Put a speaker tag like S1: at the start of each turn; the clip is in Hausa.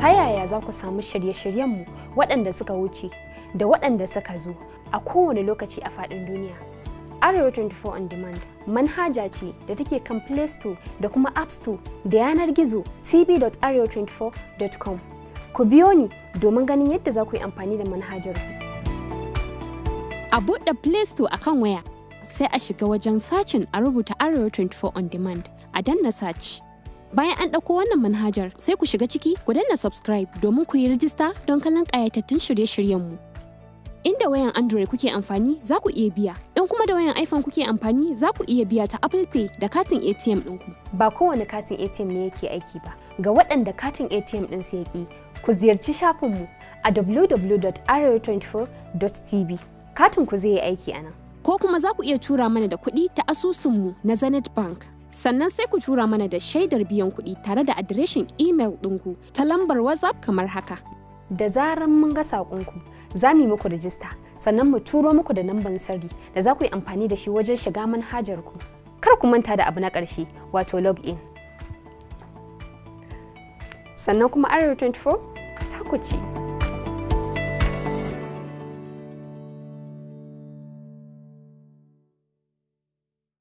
S1: ta yaya za ku samu shirye-shiryenmu waɗanda suka wuce da waɗanda suka zo a kowane lokaci a faɗin duniya. Arewa 24 on demand manhaja ce da take kan Play Store da kuma App Store da yanar gizo tv.arewa24.com. Ku biyo ni domin ganin yadda za ku yi amfani da manhajar. A buɗe Play Store akan waya sai a shiga wajen sacin a rubuta Arewa 24 on demand a danna search. Bayan an ɗauko wannan manhajar sai ku shiga ciki ku danna subscribe domin ku yi rijista don kallon ƙayatattun shirye-shiryenmu. Inda wayan Android kuke amfani za ku iya biya, in kuma da wayan iPhone kuke amfani za ku iya biya ta Apple Pay da katin ATM ɗinku. Ba kowane katin ATM ne yake aiki ba, ga waɗanda katin ATM ɗin su yaki, ku ziyarci shafinmu a www.arewa24.tv. Katin ku zai yi aiki a nan. Ko kuma za ku iya tura mana da kuɗi ta asusunmu na Zenith Bank. sannan sai ku tura mana da shaidar biyan kuɗi tare da adireshin imel ɗinku ta lambar WhatsApp kamar haka. Da zaran mun ga saƙonku, za mu yi muku rijista, sannan mu turo muku da namban sirri da za ku yi amfani da shi wajen shiga manhajar ku. Kar ku manta da abu na ƙarshe, wato Log in. Sannan kuma Arewa 24 ta ku ce.